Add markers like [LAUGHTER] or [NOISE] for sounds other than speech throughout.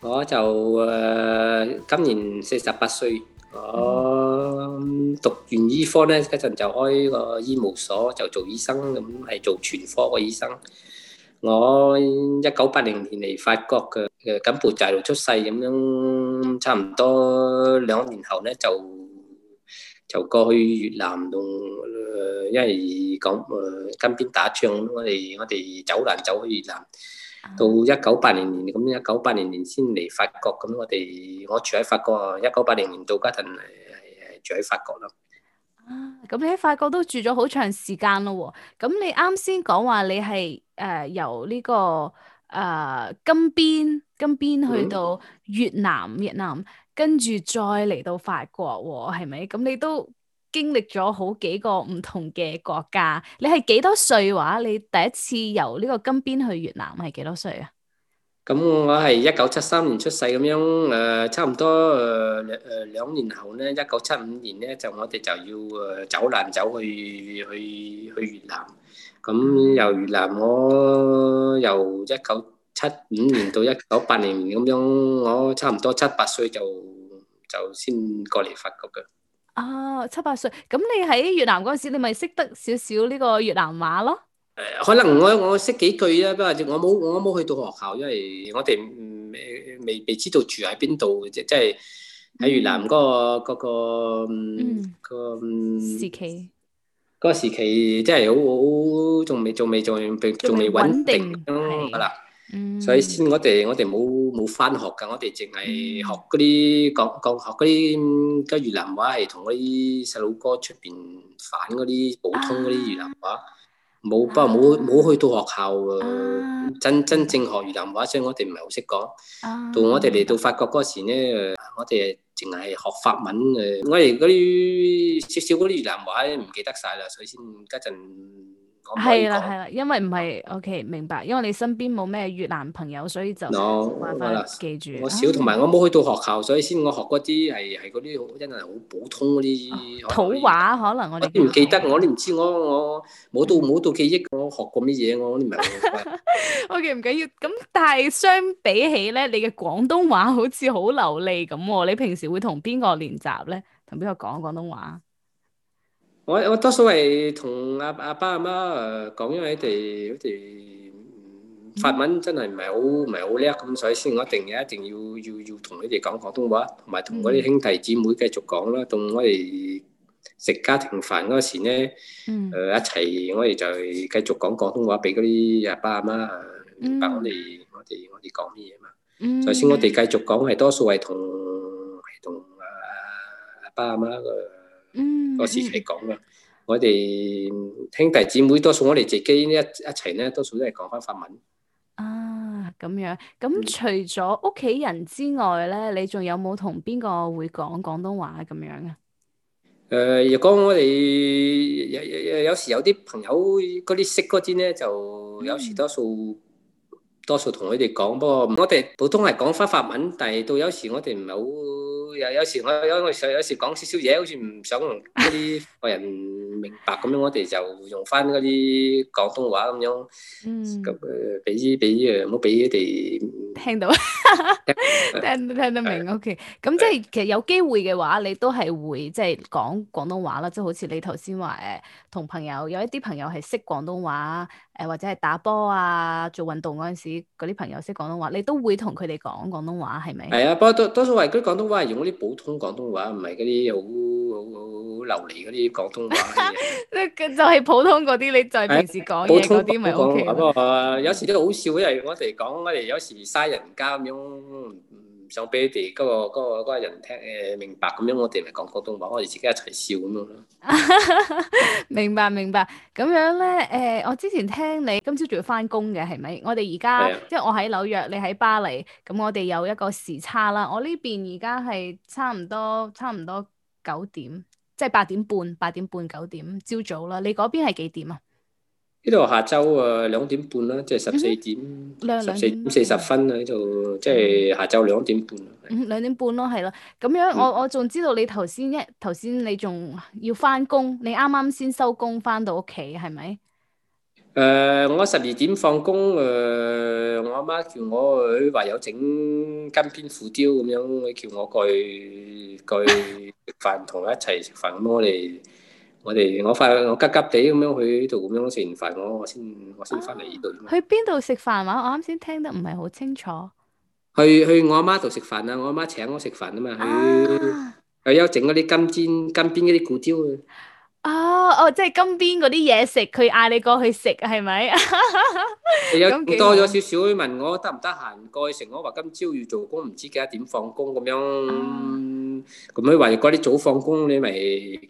我就誒、呃、今年四十八歲，我、嗯、讀完醫科呢，嗰陣就開個醫務所，就做醫生咁，係、嗯、做全科個醫生。我一九八零年嚟法國嘅，柬埔寨度出世咁樣，差唔多兩年後呢，就就過去越南度、嗯，因為講誒跟、呃、邊打仗，我哋我哋走難走去越南。到一九八零年咁，一九八零年先嚟法國。咁我哋我住喺法國，一九八零年到家陣係係住喺法國啦。啊，咁你喺法國都住咗好長時間咯喎。咁你啱先講話你係誒、呃、由呢、呢個誒、呃、金邊金邊去到越南、嗯、越南，跟住再嚟到法國喎，係咪？咁你都，經歷咗好幾個唔同嘅國家，你係幾多歲話？你第一次由呢個金邊去越南，係幾多歲啊？咁、嗯、我係一九七三年出世咁樣，誒，差唔多誒，誒、呃，兩年後咧，一九七五年咧，就我哋就要誒走難，走去去去越南，咁、嗯嗯嗯、由越南我由一九七五年到一九八年咁樣， [LAUGHS] 我差唔多七八歲就就先過嚟法國嘅。啊、哦，七八歲，咁你喺越南嗰陣時，你咪識得少少呢個越南話咯？誒，可能我我識幾句啫，不過我冇我冇去到學校，因為我哋未未未，未知道住喺邊度，即即係喺越南嗰、嗰個嗰、嗯嗰個、嗯嗰個、時期，嗰個時期真係好好，仲未仲未仲仲未穩定啦。嗯、所以先我哋我哋冇冇返學㗎，我哋淨係學嗰啲講講學嗰啲嘅越南話，係同嗰啲細路哥出邊反嗰啲普通嗰啲越南話，冇不過冇冇去到學校、啊、真真正學越南話，所以我哋唔係好識講。到我哋嚟到法國嗰時咧，我哋淨係學法文誒，我哋嗰啲少少嗰啲越南話唔記得晒啦，所以先家陣。係啦，係啦，因為唔係，OK，明白。因為你身邊冇咩越南朋友，所以就冇辦法記住。我少，同埋我冇去到學校，所以先我學嗰啲係係嗰啲真係好普通嗰啲。土話可能我哋都唔記得，我都唔知，我我冇到冇到記憶，我學過乜嘢，我唔係。OK，唔緊要。咁但係相比起咧，你嘅廣東話好似好流利咁。你平時會同邊個練習咧？同邊個講廣東話？我我多數係同阿阿爸阿媽誒講，因為佢哋好似法文真係唔係好唔係好叻咁，所以先我一定一定要一定要要同佢哋講廣東話，同埋同嗰啲兄弟姊妹繼續講啦。同我哋食家庭飯嗰時咧，誒、嗯呃、一齊我哋就繼續講廣東話俾嗰啲阿爸阿媽明白我哋、嗯、我哋我哋講咩嘢嘛。首先我哋繼、嗯、續講係多數係同同阿阿爸阿媽。嗯，個時係講噶，我哋兄弟姊妹多數我哋自己一一齊咧，多數都係講返法文啊。咁樣，咁除咗屋企人之外咧，嗯、你仲有冇同邊個會講廣東話咁樣啊？誒、呃，如果我哋有有有時有啲朋友嗰啲識嗰啲咧，就有時多數。多數同佢哋講，不過我哋普通係講翻法文，但係到有時我哋唔係好，有時有時我有我有時講少少嘢，好似唔想嗰啲客人明白咁 [LAUGHS] 樣，我哋就用翻嗰啲廣東話咁樣，咁誒俾啲俾啲誒，唔好俾佢哋。聽到， [LAUGHS] 聽都聽得明，O K。咁、okay. 即係其實有機會嘅話，你都係會即係、就是、講廣東話啦。即、就、係、是、好似你頭先話誒，同朋友有一啲朋友係識廣東話，誒或者係打波啊、做運動嗰陣時嗰啲朋友識廣東話，你都會同佢哋講廣東話，係咪？係啊，不過多、多數係嗰啲廣東話係用嗰啲普通廣東話，唔係嗰啲好好好。流離嗰啲廣東話，你就係普通嗰啲，你就係平時講嘢嗰啲咪 OK 咯。有時都好笑，因為我哋講我哋有時嘥人家咁樣，唔想俾你哋嗰個嗰個嗰個人聽誒明白咁樣，我哋咪講廣東話，我哋自己一齊笑咁樣咯。明白明白，咁樣咧誒，我之前聽你今朝仲要翻工嘅係咪？我哋而家即係我喺紐約，你喺巴黎，咁我哋有一個時差啦。我呢邊而家係差唔多差唔多九點。即係八點半、八點半、九點朝早啦。你嗰邊係幾點啊？呢度下晝啊兩點半啦，即係十四點十四點四十分呢度，即係下晝兩點半。兩點半咯，係咯。咁樣我我仲知道你頭先一頭先你仲要翻工，你啱啱先收工翻到屋企係咪？誒，我十二點放工誒，我阿媽叫我去話有整金邊虎椒咁樣，佢叫我過去過去。食飯，同佢一齊食飯咁，我哋我哋我快我急急地咁樣去呢度咁樣食完飯，我我先我先翻嚟呢度。去邊度食飯話？我啱先、啊啊、聽得唔係好清楚。去去我阿媽度食飯啊！我阿媽請我食飯啊嘛，去，啊、去，有整嗰啲金煎金邊嗰啲古蕉、啊。哦哦，即係金邊嗰啲嘢食，佢嗌你過去食係咪？有，多咗少少問我得唔得閒過去食，我話今朝要做工，唔知幾多點放工咁樣，咁樣佢話你嗰啲早放工，你咪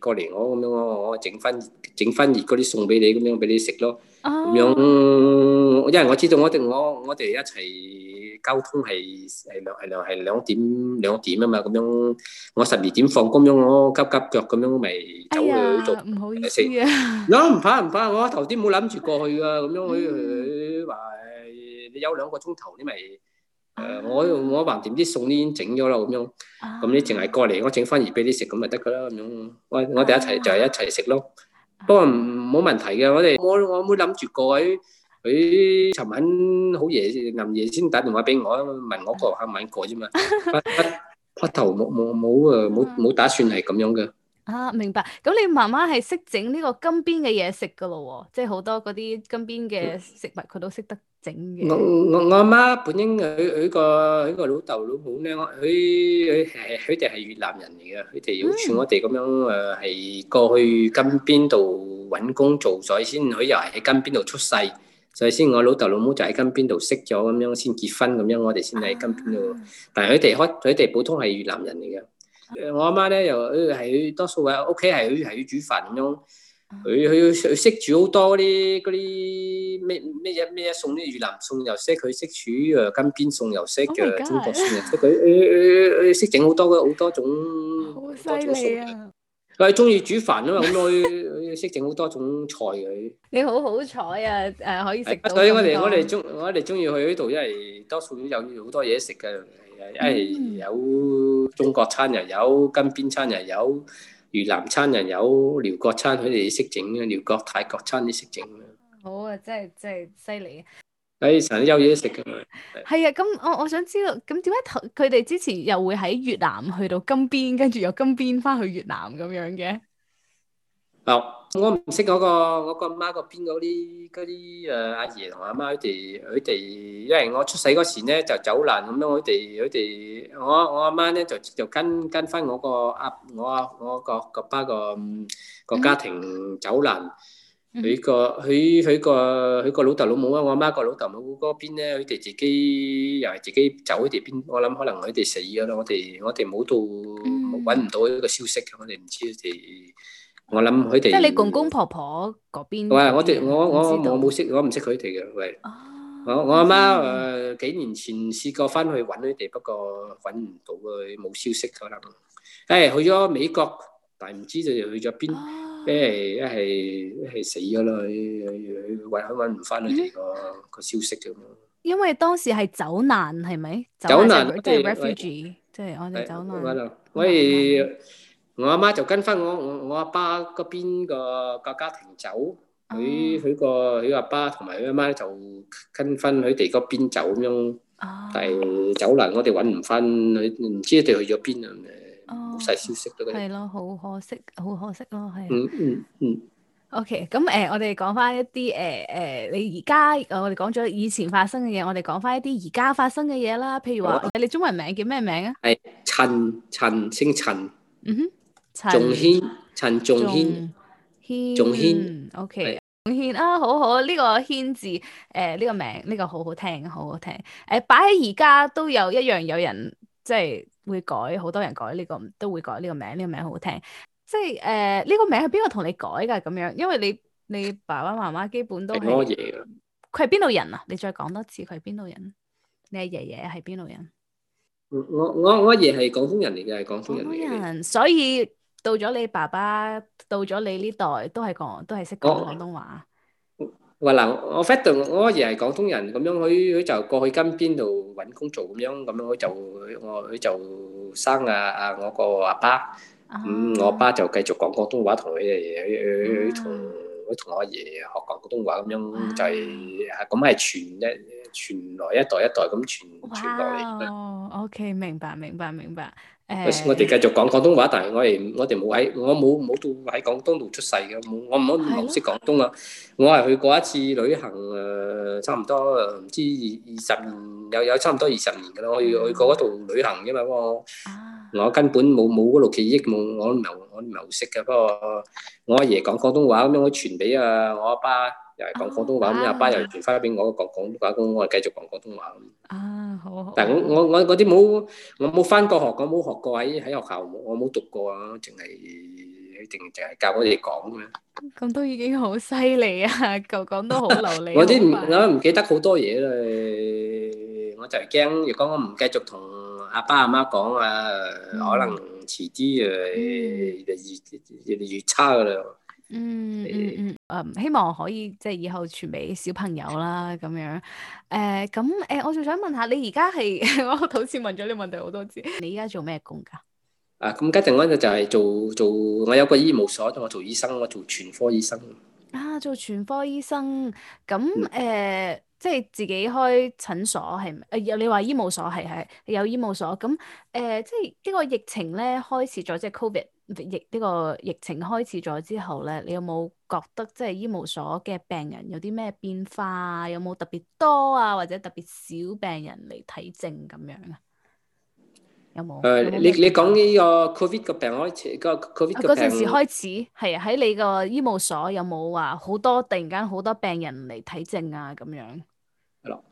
過嚟我咁樣，我整翻整翻熱嗰啲餸俾你咁樣俾你食咯。咁樣，因為我知道我哋我我哋一齊。交通係係兩係兩係兩點兩點啊嘛，咁樣我十二點放工咁樣，我急急腳咁樣咪走去做。哎呀，唔好意思啊。唔、 [LAUGHS] no, 唔怕唔怕，我頭先冇諗住過去噶，咁樣佢佢話你有兩個鐘頭你咪誒，我我橫掂啲餸都已經整咗啦咁樣。咁你淨係過嚟，我整番嘢俾你食咁咪得㗎啦咁樣。我樣我哋一齊就係、是、一齊食咯。啊、不過唔冇問題嘅，我哋我我冇諗住過去。佢尋晚好夜，暗夜先打電話俾我，問我個客肯唔肯過啫嘛，不不，拍頭冇冇冇誒，冇冇打算係咁樣嘅。啊，明白。咁你媽媽係識整呢個金邊嘅嘢食噶咯喎，即係好多嗰啲金邊嘅食物佢都識得整嘅。我我我阿媽本應佢佢個佢個老豆老母咧，佢佢係佢哋係越南人嚟嘅，佢哋好似我哋咁樣誒，係過去金邊度揾工做所以先，佢又係喺金邊度出世。所以先我老豆老母就喺金邊度識咗，咁樣先結婚咁樣，我哋先喺金邊度。啊、但係佢哋開佢哋普通係越南人嚟嘅。啊、我阿媽咧又係多數喺屋企係係要煮飯咁樣，佢佢識煮好多啲嗰啲咩咩嘢咩嘢餸，啲越南餸又識，佢識煮金邊餸又識嘅中國餸，佢佢識整好多好多種多種餸嘅。佢係中意煮飯啊嘛，好耐。 [LAUGHS] 識整好多種菜嘅，你好好彩啊！誒，可以食。所以我哋我哋中我哋中意去呢度，因為多數都有好多嘢食嘅，一係有中國餐又有金邊餐又有越南餐又有寮國餐，佢哋識整嘅，寮國泰國餐你識整嘅。好啊，真係真係犀利啊！哎，成日都有嘢食噶嘛？係啊，咁我我想知道，咁點解佢哋之前又會喺越南去到金邊，跟住又金邊翻去越南咁樣嘅？嗱。我唔識嗰個我個阿媽個邊嗰啲嗰啲誒阿爺同阿媽佢哋佢哋，因為我出世嗰時咧就走難咁樣，我哋佢哋我我阿媽咧就就跟跟翻我個阿我我個個爸個個家庭走難，佢、嗯、個佢佢個佢個老豆老母啊，我阿媽個老豆老母嗰邊咧佢哋自己又係自己走，佢哋邊我諗可能佢哋死咗啦，我哋我哋冇到搵唔到呢個消息，我哋唔知佢哋。我諗佢哋即係你公公婆婆嗰邊。喂，我哋我我我冇識，我唔識佢哋嘅。喂，我我阿媽誒，幾年前試過翻去搵佢哋，不過搵唔到佢，冇消息可能。誒，去咗美國，但係唔知道又去咗邊。誒，係係死咗咯，搵搵唔翻佢哋個個消息啫。因為當時係走難係咪？走難即係 refugee，即係我哋走難。所以。我阿媽就跟翻我我我阿爸嗰邊個個家庭走，佢佢個佢阿爸同埋佢阿媽就跟翻佢哋嗰邊走咁樣，但係走嚟我哋揾唔翻，佢唔知佢哋去咗邊啊！冇曬消息都係咯，好可惜，好可惜咯，係啊。嗯嗯嗯。OK，咁誒，我哋講翻一啲誒誒，你而家我哋講咗以前發生嘅嘢，我哋講翻一啲而家發生嘅嘢啦。譬如話，你中文名叫咩名啊？係陳陳，姓陳。嗯哼。陳仲軒，陳仲軒，軒軒，仲軒，O K，仲軒啊，好好呢、這個軒字，誒、呃、呢、這個名，呢、這個好好聽，好好聽，誒擺喺而家都有一樣有人即係、就是、會改，好多人改呢、這個都會改呢個名，呢、這個名好好聽，即係誒呢個名係邊個同你改噶咁樣？因為你你爸爸媽媽基本都，多佢係邊度人啊？你再講多次，佢係邊度人？你係爺爺係邊度人？我我我爺係廣東人嚟嘅，係廣東人，人所以。所以到咗你爸爸，到咗你呢代都係講，都係識講廣東話。喂嗱， [MUSIC] 我 f 我阿爺係廣東人，咁樣佢去就過去金邊度搵工做咁樣，咁樣就我佢就生啊啊我個阿爸，咁我阿爸就繼續講廣東話，同佢阿同佢同我阿爺學講廣東話，咁樣就係咁係全。啫。傳來一代一代咁傳傳落嚟。哦、wow，OK，明白明白明白。誒，我哋繼續講廣東話，但係我哋我哋冇喺我冇冇到喺廣東度出世嘅，我唔好識廣東啊！我係去過一次旅行誒，差唔多唔知二二十年又有，有差唔多二十年嘅、嗯、我要去過嗰度旅行嘅嘛。我，啊、我根本冇冇嗰度記憶，冇我流我好識嘅。不過我阿爺講廣東話咁樣傳俾啊我阿爸，爸。又係講廣東話，咁阿爸又轉翻俾我講廣東話，咁我係繼續講廣東話。啊，好！但我我我嗰啲冇，我冇翻過學，我冇學過喺喺學校，我冇讀過啊，淨係淨淨係教我哋講㗎。咁都已經好犀利啊！舊講都好流利。我啲我都唔記得好多嘢啦，我就係驚，如果我唔繼續同阿爸阿媽講啊，可能遲啲誒越越嚟越差㗎啦。嗯嗯你嗯，誒、嗯嗯嗯，希望可以即係以後傳俾小朋友啦，咁樣。誒，咁誒，我仲想問下你而家係， [LAUGHS] 我好似問咗你問題好多次。你而家做咩工噶？啊，咁家陣我咧就係做做，我有個醫務所，我做醫生，我做全科醫生。啊，做全科醫生，咁誒、嗯呃，即係自己開診所係咪？誒、呃，你話醫務所係係有醫務所，咁誒、呃，即係呢個疫情咧開始咗，即、就、係、是、covid。疫呢個疫情開始咗之後咧，你有冇覺得即係醫務所嘅病人有啲咩變化？有冇特別多啊，或者特別少病人嚟睇症咁樣啊？那個、啊有冇？誒、啊，你你講呢個 COVID 個病開始，個 COVID 個病開始，係喺你個醫務所有冇話好多突然間好多病人嚟睇症啊？咁樣係咯，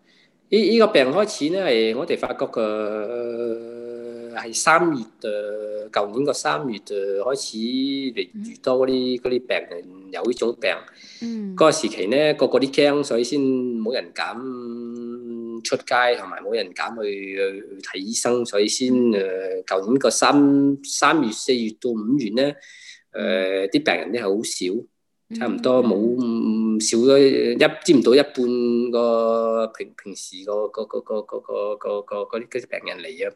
呢呢個病開始咧，係我哋發覺嘅。呃係三月誒，舊年個三月誒開始嚟越多嗰啲啲病人有呢種病，嗰、嗯、個時期咧個個啲驚，所以先冇人敢出街，同埋冇人敢去去睇醫生，所以先誒舊年個三三月四月到五月咧，誒、呃、啲病人咧係好少，差唔多冇。嗯嗯少咗一占，唔到一半個平平時個個個個個個嗰啲病人嚟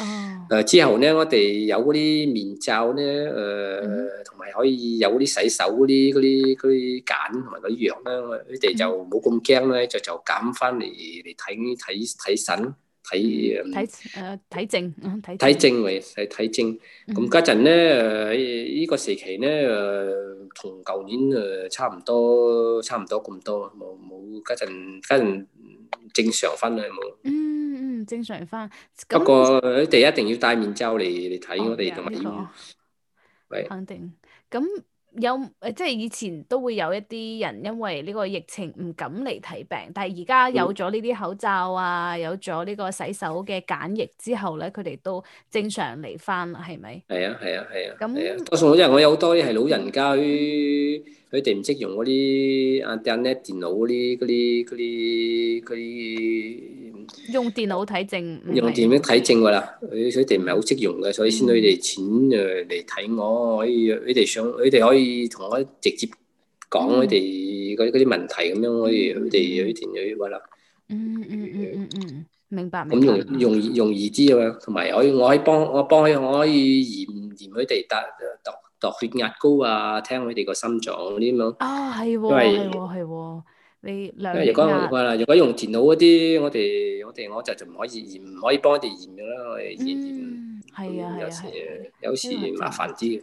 啊！誒之後咧，我哋有嗰啲面罩咧，誒同埋可以有啲洗手嗰啲嗰啲嗰啲梘同埋嗰啲藥咧，佢哋就冇咁驚咧，就就減翻嚟嚟睇睇睇診。睇睇誒睇症，睇睇症為係睇症。咁家陣咧誒，呢個時期咧誒，同舊年誒差唔多，差唔多咁多，冇冇家陣家陣正常翻啦，冇。嗯嗯，正常翻。不過佢哋一定要戴面罩嚟嚟睇我哋動物醫院。喂。肯定。咁。有誒，即係以前都會有一啲人因為呢個疫情唔敢嚟睇病，但係而家有咗呢啲口罩啊，有咗呢個洗手嘅簡疫之後咧，佢哋都正常嚟返啦，係咪？係啊，係啊，係啊。咁多數因為我有好多嘢係老人家，佢佢哋唔識用嗰啲啊，戴咩電腦嗰啲嗰啲嗰啲嗰啲。用電腦睇症。用電腦睇症㗎啦，佢佢哋唔係好識用嘅，所以先到佢哋錢誒嚟睇我，可以佢哋想，佢哋可以。同我直接講佢哋嗰啲問題咁樣，可以佢哋有啲填有啲屈啦。嗯嗯嗯嗯嗯，明白。咁容容易容易啲啊嘛，同埋我可以幫我幫佢，我可以驗驗佢哋得度度血壓高啊，聽佢哋個心臟嗰啲咁。啊係係係，你血壓啊。如果用電腦嗰啲，我哋我哋我就就唔可以驗，唔可以幫佢哋驗噶啦，我哋驗驗。係啊係啊，有時麻煩啲。